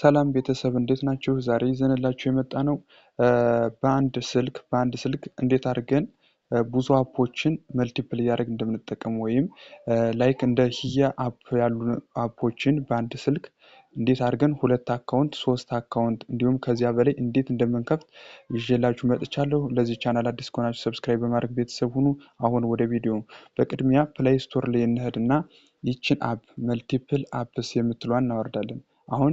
ሰላም ቤተሰብ እንዴት ናችሁ? ዛሬ ይዘንላችሁ የመጣ ነው በአንድ ስልክ በአንድ ስልክ እንዴት አድርገን ብዙ አፖችን መልቲፕል እያደረግ እንደምንጠቀም ወይም ላይክ እንደ ሂያ አፕ ያሉ አፖችን በአንድ ስልክ እንዴት አድርገን ሁለት አካውንት ሶስት አካውንት እንዲሁም ከዚያ በላይ እንዴት እንደምንከፍት ይዤላችሁ መጥቻለሁ። ለዚህ ቻናል አዲስ ከሆናችሁ ሰብስክራይብ በማድረግ ቤተሰብ ሁኑ። አሁን ወደ ቪዲዮ። በቅድሚያ ፕላይ ስቶር ላይ እንሄድና ይችን አፕ መልቲፕል አፕስ የምትሏን እናወርዳለን። አሁን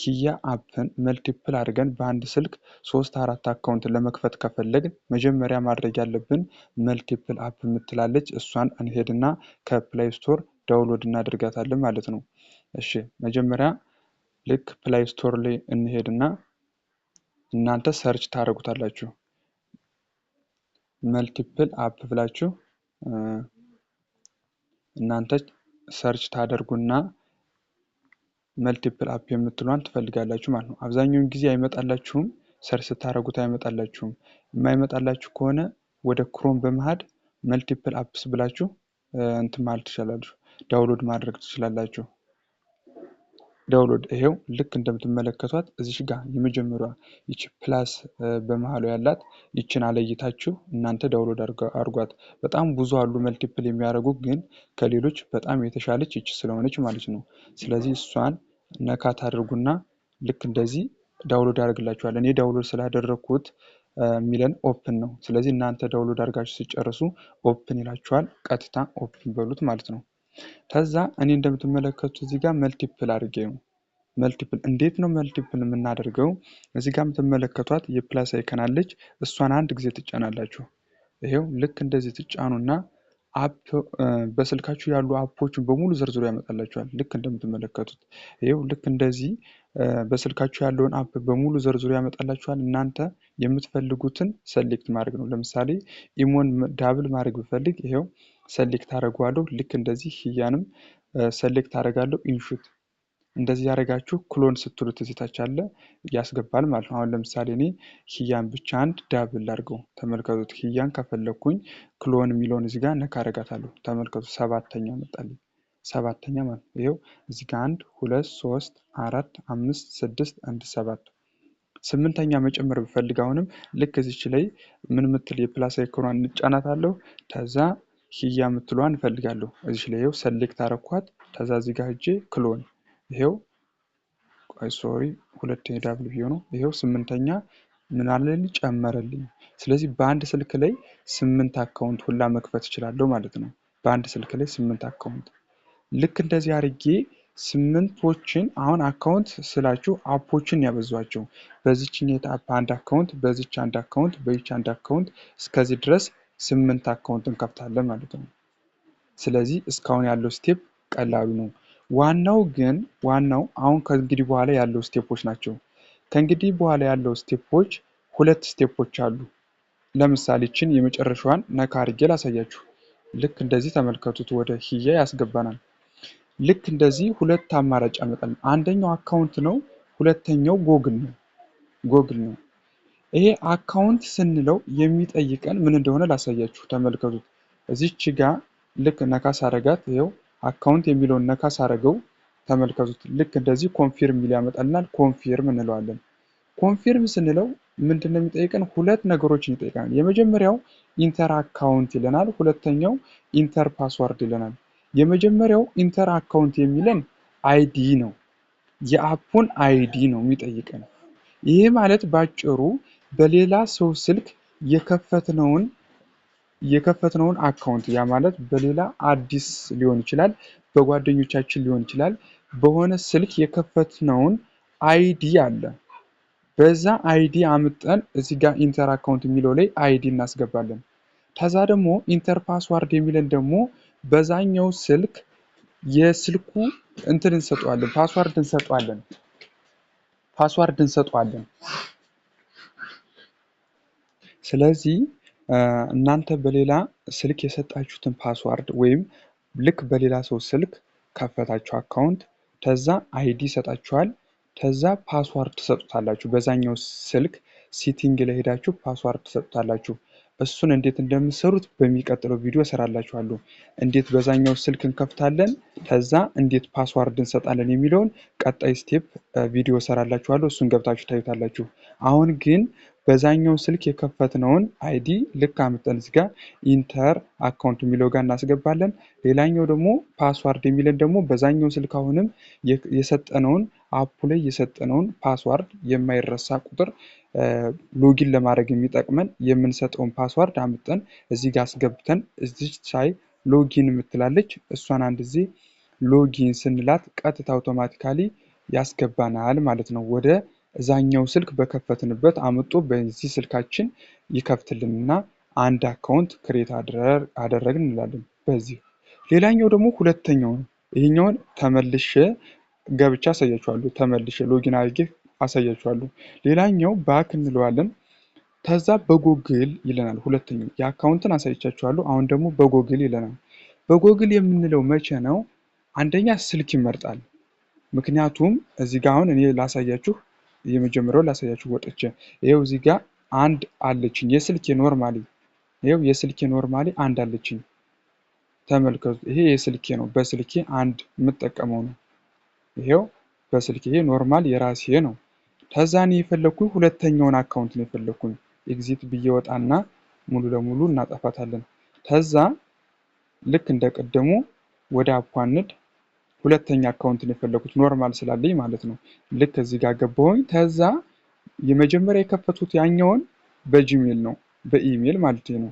ሂያ አፕን መልቲፕል አድርገን በአንድ ስልክ ሶስት አራት አካውንት ለመክፈት ከፈለግን መጀመሪያ ማድረግ ያለብን መልቲፕል አፕ የምትላለች እሷን እንሄድና ከፕላይ ስቶር ዳውንሎድ እናደርጋታለን ማለት ነው። እሺ መጀመሪያ ልክ ፕላይ ስቶር ላይ እንሄድና እናንተ ሰርች ታደርጉታላችሁ። መልቲፕል አፕ ብላችሁ እናንተ ሰርች ታደርጉና መልቲፕል አፕ የምትሏን ትፈልጋላችሁ ማለት ነው። አብዛኛውን ጊዜ አይመጣላችሁም፣ ሰርች ስታደረጉት አይመጣላችሁም። የማይመጣላችሁ ከሆነ ወደ ክሮም በመሄድ መልቲፕል አፕስ ብላችሁ እንትን ማለት ትችላላችሁ፣ ዳውንሎድ ማድረግ ትችላላችሁ። ዳውንሎድ ይሄው ልክ እንደምትመለከቷት እዚሽ ጋር የመጀመሪያ ይቺ ፕላስ በመሀሉ ያላት ይችን አለይታችሁ እናንተ ዳውንሎድ አድርጓት። በጣም ብዙ አሉ መልቲፕል የሚያደርጉ ግን ከሌሎች በጣም የተሻለች ይች ስለሆነች ማለት ነው። ስለዚህ እሷን ነካ ታደርጉና ልክ እንደዚህ ዳውንሎድ ያደርግላችኋል። እኔ ዳውንሎድ ስላደረግኩት የሚለን ኦፕን ነው። ስለዚህ እናንተ ዳውንሎድ አድርጋችሁ ሲጨርሱ ኦፕን ይላችኋል። ቀጥታ ኦፕን በሉት ማለት ነው። ከዛ እኔ እንደምትመለከቱት እዚህ ጋር መልቲፕል አድርጌ ነው። መልቲፕል እንዴት ነው መልቲፕል የምናደርገው? እዚህ ጋር የምትመለከቷት የፕላስ አይከናለች እሷን አንድ ጊዜ ትጫናላችሁ። ይሄው ልክ እንደዚህ ትጫኑና አፕ በስልካችሁ ያሉ አፖችን በሙሉ ዘርዝሮ ያመጣላችኋል። ልክ እንደምትመለከቱት ይኸው ልክ እንደዚህ በስልካችሁ ያለውን አፕ በሙሉ ዘርዝሮ ያመጣላችኋል። እናንተ የምትፈልጉትን ሰሌክት ማድረግ ነው። ለምሳሌ ኢሞን ዳብል ማድረግ ብፈልግ ይኸው ሰሌክት አደርገዋለሁ። ልክ እንደዚህ ህያንም ሰሌክት አደርጋለሁ ኢንሹት እንደዚህ ያደረጋችሁ ክሎን ስትሉት ትዝታች አለ ያስገባል ማለት ነው። አሁን ለምሳሌ እኔ ሂያን ብቻ አንድ ዳብል ላድርገው። ተመልከቱት። ሂያን ከፈለግኩኝ ክሎን የሚለውን እዚጋ ጋር ነካ አረጋታለሁ። ተመልከቱ፣ ሰባተኛ መጣልኝ። ሰባተኛ ማለት ነው። ይኸው እዚጋ አንድ ሁለት ሶስት አራት አምስት ስድስት አንድ ሰባት ስምንተኛ መጨመር ብፈልግ አሁንም ልክ እዚች ላይ ምን ምትል የፕላስ አይኮኗን እንጫናታለሁ። ተዛ ሂያ ምትሏን እንፈልጋለሁ። እዚች ላይ ይኸው ሰሌክት አረኳት። ተዛ እዚህ ህጄ ክሎን ይሄው አይ ሶሪ ሁለተኛ ቪ ነው። ይሄው ስምንተኛ ምን አለልኝ ጨመረልኝ። ስለዚህ በአንድ ስልክ ላይ ስምንት አካውንት ሁላ መክፈት እችላለሁ ማለት ነው። በአንድ ስልክ ላይ ስምንት አካውንት ልክ እንደዚህ አድርጌ ስምንቶችን አሁን አካውንት ስላችሁ አፖችን ያበዟቸው በዚችን የታፕ አንድ አካውንት በዚች አንድ አካውንት በይች አንድ አካውንት እስከዚህ ድረስ ስምንት አካውንት እንከፍታለን ማለት ነው። ስለዚህ እስካሁን ያለው ስቴፕ ቀላሉ ነው። ዋናው ግን ዋናው አሁን ከእንግዲህ በኋላ ያለው ስቴፖች ናቸው። ከእንግዲህ በኋላ ያለው ስቴፖች ሁለት ስቴፖች አሉ። ለምሳሌ ችን የመጨረሻዋን ነካ አድርጌ ላሳያችሁ። ልክ እንደዚህ ተመልከቱት፣ ወደ ሂያ ያስገባናል። ልክ እንደዚህ ሁለት አማራጭ ያመጣል። አንደኛው አካውንት ነው፣ ሁለተኛው ጎግል ነው ጎግል ነው። ይሄ አካውንት ስንለው የሚጠይቀን ምን እንደሆነ ላሳያችሁ፣ ተመልከቱት። እዚች ጋ ልክ ነካ ሳረጋት ይኸው አካውንት የሚለውን ነካ ሳረገው ተመልከቱት። ልክ እንደዚህ ኮንፊርም ሚል ያመጣልናል። ኮንፊርም እንለዋለን። ኮንፊርም ስንለው ምንድን ነው የሚጠይቀን? ሁለት ነገሮችን ይጠይቀናል። የመጀመሪያው ኢንተር አካውንት ይለናል። ሁለተኛው ኢንተር ፓስዋርድ ይለናል። የመጀመሪያው ኢንተር አካውንት የሚለን አይዲ ነው። የአፑን አይዲ ነው የሚጠይቀን። ይሄ ማለት ባጭሩ በሌላ ሰው ስልክ የከፈትነውን የከፈትነውን አካውንት ያ ማለት በሌላ አዲስ ሊሆን ይችላል፣ በጓደኞቻችን ሊሆን ይችላል። በሆነ ስልክ የከፈትነውን አይዲ አለ። በዛ አይዲ አምጠን እዚህ ጋር ኢንተር አካውንት የሚለው ላይ አይዲ እናስገባለን። ከዛ ደግሞ ኢንተር ፓስዋርድ የሚለን ደግሞ በዛኛው ስልክ የስልኩ እንትን እንሰጠዋለን፣ ፓስዋርድ እንሰጠዋለን፣ ፓስዋርድ እንሰጠዋለን። ስለዚህ እናንተ በሌላ ስልክ የሰጣችሁትን ፓስዋርድ ወይም ልክ በሌላ ሰው ስልክ ከፈታችሁ አካውንት ተዛ አይዲ ይሰጣችኋል። ተዛ ፓስዋርድ ትሰጡታላችሁ። በዛኛው ስልክ ሲቲንግ ላይ ሄዳችሁ ፓስዋርድ ትሰጡታላችሁ። እሱን እንዴት እንደምትሰሩት በሚቀጥለው ቪዲዮ እሰራላችኋለሁ። እንዴት በዛኛው ስልክ እንከፍታለን፣ ተዛ እንዴት ፓስዋርድ እንሰጣለን የሚለውን ቀጣይ ስቴፕ ቪዲዮ እሰራላችኋለሁ። እሱን ገብታችሁ ታዩታላችሁ። አሁን ግን በዛኛው ስልክ የከፈትነውን አይዲ ልክ አምጠን እዚጋ ኢንተር አካውንት የሚለው ጋር እናስገባለን። ሌላኛው ደግሞ ፓስዋርድ የሚለን ደግሞ በዛኛው ስልክ አሁንም የሰጠነውን አፑ ላይ የሰጠነውን ፓስዋርድ የማይረሳ ቁጥር ሎጊን ለማድረግ የሚጠቅመን የምንሰጠውን ፓስዋርድ አምጠን እዚህ ጋር አስገብተን እዚች ሳይ ሎጊን የምትላለች እሷን አንድ ጊዜ ሎጊን ስንላት ቀጥታ አውቶማቲካሊ ያስገባናል ማለት ነው ወደ እዛኛው ስልክ በከፈትንበት አምጦ በዚህ ስልካችን ይከፍትልንና አንድ አካውንት ክሬት አደረግን እንላለን። በዚህ ሌላኛው ደግሞ ሁለተኛው ነው። ይህኛውን ተመልሼ ገብቻ አሳያችኋለሁ። ተመልሼ ሎጊን አድርጌ አሳያችኋለሁ። ሌላኛው ባክ እንለዋለን። ከዛ በጎግል ይለናል። ሁለተኛው የአካውንትን አሳይቻችኋለሁ። አሁን ደግሞ በጎግል ይለናል። በጎግል የምንለው መቼ ነው? አንደኛ ስልክ ይመርጣል። ምክንያቱም እዚህ ጋ አሁን እኔ ላሳያችሁ የመጀመሪያው ላሳያችሁ ወጥቼ ይኸው እዚህ ጋር አንድ አለችኝ የስልኬ ኖርማሊ ይኸው የስልኬ ኖርማሊ አንድ አለችኝ ተመልከቱ ይሄ የስልኬ ነው በስልኬ አንድ የምጠቀመው ነው ይሄው በስልኬ ይሄ ኖርማል የራሴ ነው ተዛን የፈለግኩኝ ሁለተኛውን አካውንት ነው የፈለግኩኝ ኤግዚት ብዬ ወጣና ሙሉ ለሙሉ እናጠፋታለን ተዛ ልክ እንደቀደሙ ወደ አፓንድ ሁለተኛ አካውንት የፈለጉት ኖርማል ስላለኝ ማለት ነው። ልክ እዚህ ጋር ገባሁኝ። ከዛ የመጀመሪያ የከፈቱት ያኛውን በጂሜል ነው በኢሜል ማለት ነው።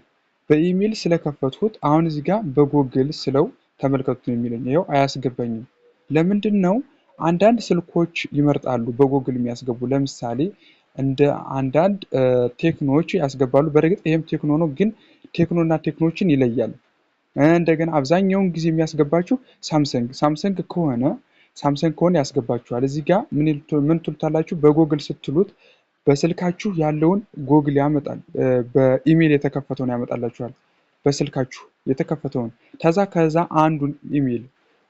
በኢሜል ስለከፈቱት አሁን እዚህ ጋር በጉግል ስለው ተመልከቱት ነው የሚለኝ። ይኸው አያስገባኝም። ለምንድን ነው? አንዳንድ ስልኮች ይመርጣሉ በጉግል የሚያስገቡ ለምሳሌ እንደ አንዳንድ ቴክኖዎች ያስገባሉ። በእርግጥ ይህም ቴክኖ ነው፣ ግን ቴክኖና ቴክኖችን ይለያል። እንደገና አብዛኛውን ጊዜ የሚያስገባችሁ ሳምሰንግ ሳምሰንግ ከሆነ ሳምሰንግ ከሆነ ያስገባችኋል። እዚህ ጋር ምን ትሉታላችሁ? በጎግል ስትሉት በስልካችሁ ያለውን ጎግል ያመጣል። በኢሜይል የተከፈተውን ያመጣላችኋል። በስልካችሁ የተከፈተውን ተዛ ከዛ አንዱን ኢሜይል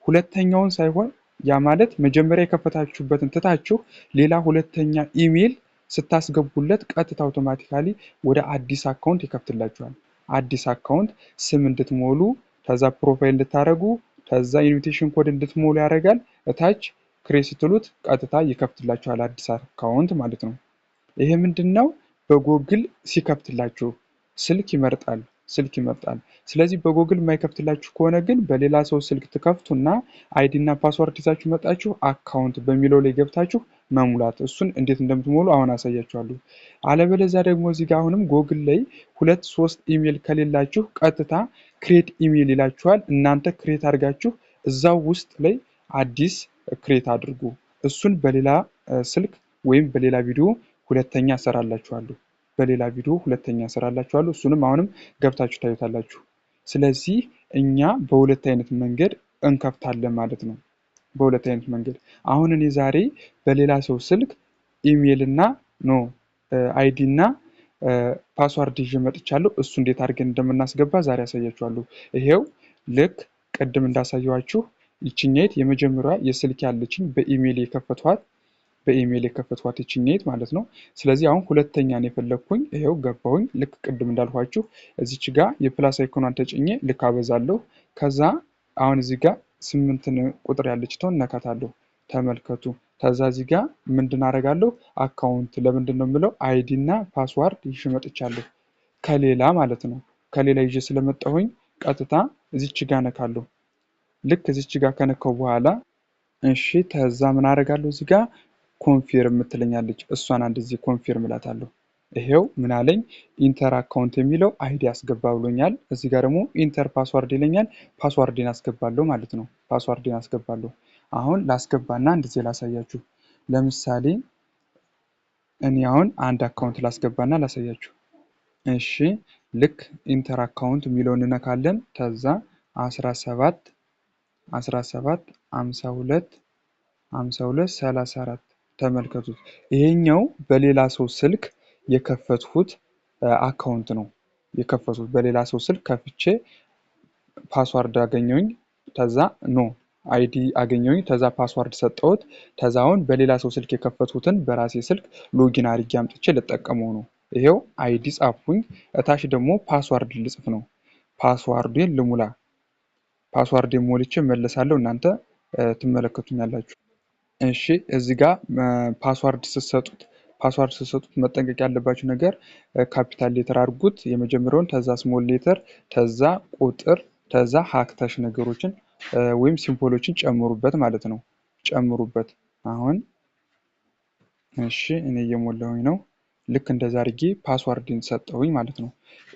ሁለተኛውን ሳይሆን ያ ማለት መጀመሪያ የከፈታችሁበትን ትታችሁ ሌላ ሁለተኛ ኢሜይል ስታስገቡለት ቀጥታ አውቶማቲካሊ ወደ አዲስ አካውንት ይከፍትላችኋል። አዲስ አካውንት ስም እንድትሞሉ ከዛ ፕሮፋይል እንድታደረጉ ከዛ ኢንቪቴሽን ኮድ እንድትሞሉ ያደርጋል። እታች ክሬ ስትሉት ቀጥታ ይከፍትላችኋል አዲስ አካውንት ማለት ነው። ይሄ ምንድን ነው? በጎግል ሲከፍትላችሁ ስልክ ይመርጣል ስልክ ይመርጣል። ስለዚህ በጎግል የማይከፍትላችሁ ከሆነ ግን በሌላ ሰው ስልክ ትከፍቱና እና ፓስወርድ ይዛችሁ መጣችሁ አካውንት በሚለው ላይ ገብታችሁ መሙላት እሱን እንዴት እንደምትሞሉ አሁን አሳያችኋለሁ። አለበለዚያ ደግሞ እዚህ ጋር አሁንም ጎግል ላይ ሁለት ሶስት ኢሜል ከሌላችሁ ቀጥታ ክሬት ኢሜል ይላችኋል። እናንተ ክሬት አድርጋችሁ እዛው ውስጥ ላይ አዲስ ክሬት አድርጉ። እሱን በሌላ ስልክ ወይም በሌላ ቪዲዮ ሁለተኛ እሰራላችኋለሁ። በሌላ ቪዲዮ ሁለተኛ እሰራላችኋለሁ። እሱንም አሁንም ገብታችሁ ታዩታላችሁ። ስለዚህ እኛ በሁለት አይነት መንገድ እንከፍታለን ማለት ነው። በሁለት አይነት መንገድ አሁን እኔ ዛሬ በሌላ ሰው ስልክ ኢሜይል እና ኖ አይዲ እና ፓስዋርድ ይዤ መጥቻለሁ። እሱ እንዴት አድርገን እንደምናስገባ ዛሬ ያሳያችኋለሁ። ይሄው ልክ ቅድም እንዳሳየኋችሁ ይችኛይት የመጀመሪያ የስልክ ያለችኝ በኢሜይል የከፈቷት በኢሜይል የከፈቷት ይችኛይት ማለት ነው። ስለዚህ አሁን ሁለተኛን የፈለግኩኝ ይሄው ገባሁኝ። ልክ ቅድም እንዳልኋችሁ እዚች ጋር የፕላስ አይኮኗን ተጭኜ ልክ አበዛለሁ። ከዛ አሁን እዚህ ጋር ስምንትን ቁጥር ያለች ያለችቷን እነካታለሁ። ተመልከቱ። ከዛ እዚህ ጋር ምንድን አደርጋለሁ? አካውንት ለምንድን ነው የምለው? አይዲ እና ፓስዋርድ ይዤ መጥቻለሁ። ከሌላ ማለት ነው። ከሌላ ይዤ ስለመጣሁኝ ቀጥታ እዚች ጋ ነካለሁ። ልክ እዚች ጋ ከነካው በኋላ እሺ፣ ተዛ ምን አደርጋለሁ? እዚህ ጋ ኮንፊርም የምትለኛለች እሷን አንድ ጊዜ ኮንፊርም እላታለሁ። ይሄው ምን አለኝ ኢንተር አካውንት የሚለው አይዲ አስገባ ብሎኛል። እዚህ ጋር ደግሞ ኢንተር ፓስዋርድ ይለኛል። ፓስዋርድን አስገባለሁ ማለት ነው። ፓስዋርድን አስገባለሁ። አሁን ላስገባና እንደዚህ ላሳያችሁ። ለምሳሌ እኔ አሁን አንድ አካውንት ላስገባና ላሳያችሁ። እሺ ልክ ኢንተር አካውንት የሚለውን እንነካለን። ከዛ 17 17 52 52 34 ተመልከቱት። ይሄኛው በሌላ ሰው ስልክ የከፈትሁት አካውንት ነው የከፈቱት በሌላ ሰው ስልክ ከፍቼ ፓስዋርድ አገኘውኝ ተዛ ኖ አይዲ አገኘውኝ ተዛ ፓስዋርድ ሰጠሁት ተዛውን በሌላ ሰው ስልክ የከፈትኩትን በራሴ ስልክ ሎጊን አድርጌ አምጥቼ ልጠቀመው ነው። ይሄው አይዲ ጻፍኩኝ። እታች ደግሞ ፓስዋርድ ልጽፍ ነው። ፓስዋርዴን ልሙላ። ፓስዋርድ ሞልቼ መለሳለሁ። እናንተ ትመለከቱኛላችሁ። እሺ እዚህ ጋር ፓስዋርድ ስትሰጡት ፓስዋርድ ስሰጡት መጠንቀቅ ያለባቸው ነገር ካፒታል ሌተር አድርጉት። የመጀመሪያውን ተዛ ስሞል ሌተር፣ ተዛ ቁጥር፣ ተዛ ሀክታሽ ነገሮችን ወይም ሲምቦሎችን ጨምሩበት ማለት ነው። ጨምሩበት አሁን እሺ እኔ እየሞላሁኝ ነው። ልክ እንደዛ አድርጌ ፓስዋርድን ሰጠሁኝ ማለት ነው።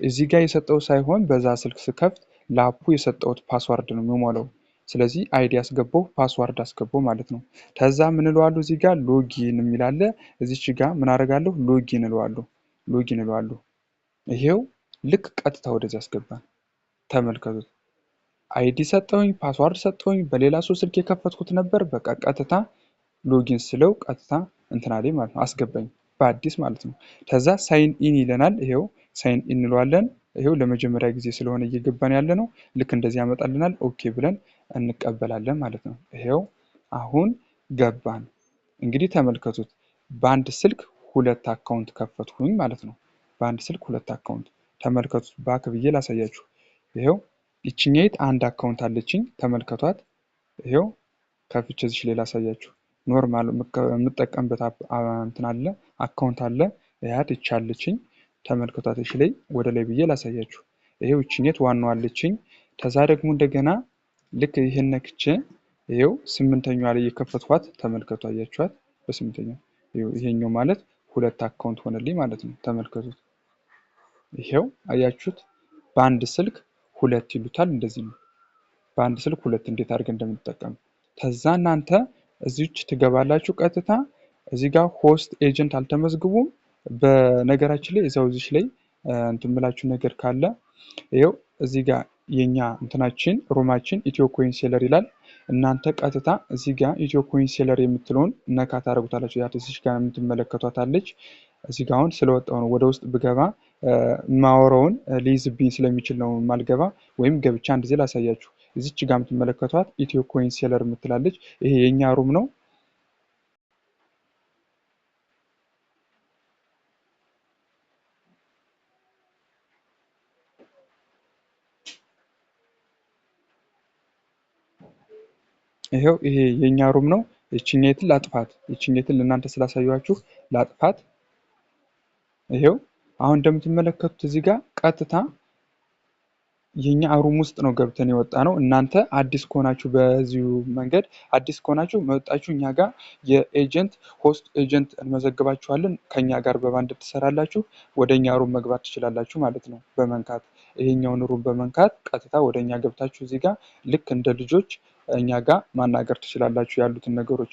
እዚህ ጋር የሰጠው ሳይሆን በዛ ስልክ ስከፍት ላፑ የሰጠውት ፓስዋርድ ነው የሚሞላው። ስለዚህ አይዲ አስገባው ፓስዋርድ አስገባው ማለት ነው። ከዛ ምን እለዋለሁ እዚህ ጋር ሎጊን የሚላለ እዚች ጋ ምን አደርጋለሁ ሎጊን እለዋለሁ ሎጊን እለዋለሁ። ይሄው ልክ ቀጥታ ወደዚህ አስገባን። ተመልከቱት አይዲ ሰጠውኝ፣ ፓስዋርድ ሰጠውኝ። በሌላ ሰው ስልክ የከፈትኩት ነበር። በቃ ቀጥታ ሎጊን ስለው ቀጥታ እንትና ላይ ማለት ነው አስገባኝ በአዲስ ማለት ነው። ከዛ ሳይን ኢን ይለናል። ይሄው ሳይን ኢን እንለዋለን። ይሄው ለመጀመሪያ ጊዜ ስለሆነ እየገባን ያለ ነው። ልክ እንደዚህ ያመጣልናል። ኦኬ ብለን እንቀበላለን ማለት ነው። ይሄው አሁን ገባን። እንግዲህ ተመልከቱት በአንድ ስልክ ሁለት አካውንት ከፈትኩኝ ማለት ነው። በአንድ ስልክ ሁለት አካውንት ተመልከቱት። ባክ ብዬ ላሳያችሁ። ይሄው ይችኛይት አንድ አካውንት አለችኝ ተመልከቷት። ይሄው ከፍቼ እዚች ላይ ላሳያችሁ። ኖርማል የምጠቀምበት እንትን አለ አካውንት አለ ያት ይቻለችኝ ተመልከቷት። እሺ ላይ ወደ ላይ ብዬ ላሳያችሁ። ይሄው ይችኛይት ዋናው አለችኝ። ተዛ ደግሞ እንደገና ልክ ይህን ነክቼ ይኸው ስምንተኛዋ ላይ የከፈትኳት ተመልከቱ። አያችኋት? በስምንተኛ ይሄኛው ማለት ሁለት አካውንት ሆነልኝ ማለት ነው። ተመልከቱት። ይሄው አያችሁት? በአንድ ስልክ ሁለት ይሉታል። እንደዚህ ነው። በአንድ ስልክ ሁለት እንዴት አድርገን እንደምንጠቀም ከዛ እናንተ እዚች ትገባላችሁ ቀጥታ እዚህ ጋር ሆስት ኤጀንት አልተመዝግቡም። በነገራችን ላይ እዛው እዚች ላይ እንትምላችሁ ነገር ካለ ይው እዚህ ጋር የኛ እንትናችን ሩማችን ኢትዮ ኮይን ሴለር ይላል። እናንተ ቀጥታ እዚህ ጋር ኢትዮ ኮይን ሴለር የምትለውን ነካ ታደርጉታላችሁ። ያደስች ጋር የምትመለከቷታለች። እዚህ ጋር አሁን ስለወጣው ነው ወደ ውስጥ ብገባ ማወራውን ሊይዝብኝ ስለሚችል ነው ማልገባ፣ ወይም ገብቻ አንድ ዜ ላሳያችሁ። እዚች ጋር የምትመለከቷት ኢትዮ ኮይን ሴለር የምትላለች። ይሄ የእኛ ሩም ነው። ይሄው ይሄ የኛ ሩም ነው። ይቺን ኔትን ላጥፋት፣ ይቺን ኔትን ለእናንተ ስላሳያችሁ ላጥፋት። ይሄው አሁን እንደምትመለከቱት እዚህ ጋር ቀጥታ የኛ ሩም ውስጥ ነው ገብተን የወጣ ነው። እናንተ አዲስ ከሆናችሁ በዚሁ መንገድ አዲስ ከሆናችሁ መጣችሁ እኛ ጋር የኤጀንት ሆስት ኤጀንት እንመዘግባችኋለን። ከኛ ጋር በባንድ ትሰራላችሁ። ወደ እኛ ሩም መግባት ትችላላችሁ ማለት ነው በመንካት ይሄኛውን ሩም በመንካት ቀጥታ ወደ እኛ ገብታችሁ እዚህ ጋ ልክ እንደ ልጆች እኛ ጋ ማናገር ትችላላችሁ ያሉትን ነገሮች።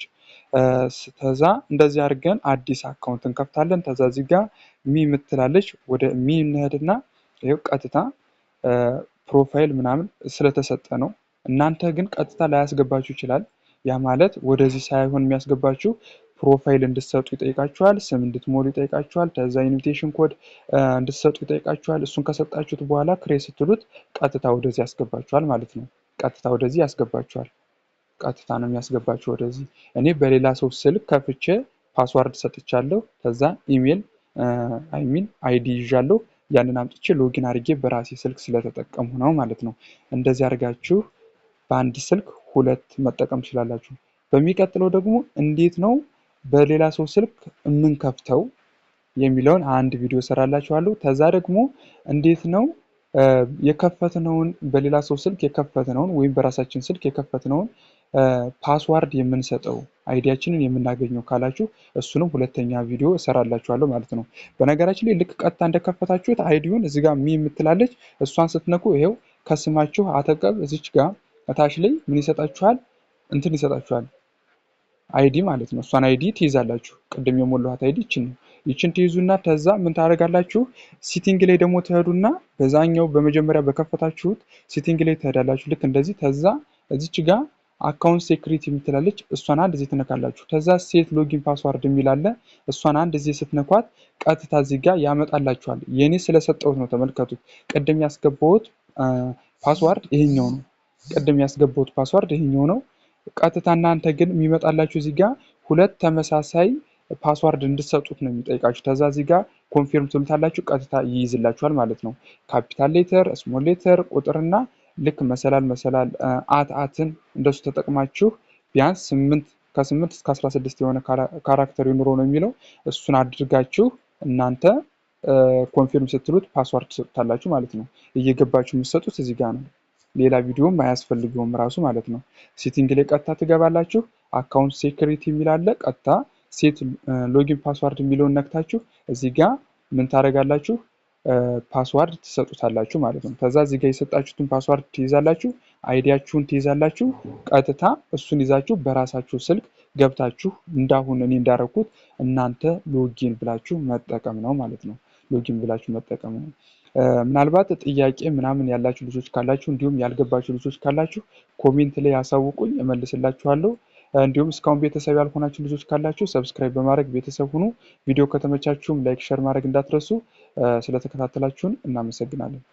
ተዛ እንደዚህ አድርገን አዲስ አካውንት እንከፍታለን። ተዛ እዚህ ጋ ሚ የምትላለች ወደ ሚ እንሄድና ይኸው ቀጥታ ፕሮፋይል ምናምን ስለተሰጠ ነው። እናንተ ግን ቀጥታ ላያስገባችሁ ይችላል። ያ ማለት ወደዚህ ሳይሆን የሚያስገባችሁ ፕሮፋይል እንድትሰጡ ይጠይቃችኋል። ስም እንድትሞሉ ይጠይቃችኋል። ከዛ ኢንቪቴሽን ኮድ እንድትሰጡ ይጠይቃችኋል። እሱን ከሰጣችሁት በኋላ ክሬ ስትሉት ቀጥታ ወደዚህ ያስገባችኋል ማለት ነው። ቀጥታ ወደዚህ ያስገባችኋል። ቀጥታ ነው የሚያስገባችሁ ወደዚህ። እኔ በሌላ ሰው ስልክ ከፍቼ ፓስዋርድ ሰጥቻለሁ። ከዛ ኢሜል አይሚን አይዲ ይዣለሁ። ያንን አምጥቼ ሎጊን አድርጌ በራሴ ስልክ ስለተጠቀሙ ነው ማለት ነው። እንደዚህ አድርጋችሁ በአንድ ስልክ ሁለት መጠቀም ትችላላችሁ። በሚቀጥለው ደግሞ እንዴት ነው በሌላ ሰው ስልክ የምንከፍተው የሚለውን አንድ ቪዲዮ ሰራላችኋለሁ። ከዛ ደግሞ እንዴት ነው የከፈትነውን በሌላ ሰው ስልክ የከፈትነውን ወይም በራሳችን ስልክ የከፈትነውን ፓስዋርድ የምንሰጠው አይዲያችንን የምናገኘው ካላችሁ እሱንም ሁለተኛ ቪዲዮ እሰራላችኋለሁ ማለት ነው። በነገራችን ላይ ልክ ቀጥታ እንደከፈታችሁት አይዲውን እዚ ጋር ሚ የምትላለች እሷን ስትነኩ ይሄው ከስማችሁ አጠገብ እዚች ጋር እታች ላይ ምን ይሰጣችኋል? እንትን ይሰጣችኋል አይዲ ማለት ነው። እሷን አይዲ ትይዛላችሁ። ቅድም የሞላኋት አይዲ ይችን ነው። ይችን ትይዙና ተዛ ምን ታደርጋላችሁ? ሲቲንግ ላይ ደግሞ ትሄዱና በዛኛው በመጀመሪያ በከፈታችሁት ሲቲንግ ላይ ትሄዳላችሁ። ልክ እንደዚህ ተዛ እዚች ጋ አካውንት ሴክሪቲ የምትላለች እሷን አንድ እዚህ ትነካላችሁ። ከዛ ሴት ሎጊን ፓስዋርድ የሚል አለ። እሷን አንድ እዚህ ስትነኳት ቀጥታ እዚህ ጋር ያመጣላችኋል። የእኔ ስለሰጠሁት ነው። ተመልከቱት። ቅድም ያስገባሁት ፓስዋርድ ይሄኛው ነው። ቅድም ያስገባሁት ፓስዋርድ ይሄኛው ነው። ቀጥታ እናንተ ግን የሚመጣላችሁ እዚህ ጋ ሁለት ተመሳሳይ ፓስዋርድ እንድትሰጡት ነው የሚጠይቃችሁ። ከዛ እዚህ ጋ ኮንፊርም ትሉታላችሁ፣ ቀጥታ ይይዝላችኋል ማለት ነው። ካፒታል ሌተር፣ ስሞል ሌተር፣ ቁጥርና ልክ መሰላል መሰላል አት አትን እንደሱ ተጠቅማችሁ ቢያንስ ስምንት ከስምንት እስከ አስራ ስድስት የሆነ ካራክተር ይኑሮ ነው የሚለው እሱን አድርጋችሁ እናንተ ኮንፊርም ስትሉት ፓስዋርድ ትሰጡታላችሁ ማለት ነው። እየገባችሁ የምትሰጡት እዚህ ጋ ነው። ሌላ ቪዲዮም አያስፈልገውም ራሱ ማለት ነው። ሴቲንግ ላይ ቀጥታ ትገባላችሁ። አካውንት ሴክሪቲ የሚላለ ቀጥታ ሴት ሎጊን ፓስዋርድ የሚለውን ነክታችሁ እዚህ ጋ ምን ታደርጋላችሁ? ፓስዋርድ ትሰጡታላችሁ ማለት ነው። ከዛ እዚህ ጋ የሰጣችሁትን ፓስዋርድ ትይዛላችሁ፣ አይዲያችሁን ትይዛላችሁ። ቀጥታ እሱን ይዛችሁ በራሳችሁ ስልክ ገብታችሁ እንዳሁን እኔ እንዳረኩት እናንተ ሎጊን ብላችሁ መጠቀም ነው ማለት ነው። ሎጊን ብላችሁ መጠቀም ነው። ምናልባት ጥያቄ ምናምን ያላችሁ ልጆች ካላችሁ እንዲሁም ያልገባችሁ ልጆች ካላችሁ ኮሜንት ላይ ያሳውቁኝ፣ እመልስላችኋለሁ። እንዲሁም እስካሁን ቤተሰብ ያልሆናችሁ ልጆች ካላችሁ ሰብስክራይብ በማድረግ ቤተሰብ ሁኑ። ቪዲዮ ከተመቻችሁም ላይክ፣ ሸር ማድረግ እንዳትረሱ። ስለተከታተላችሁን እናመሰግናለን።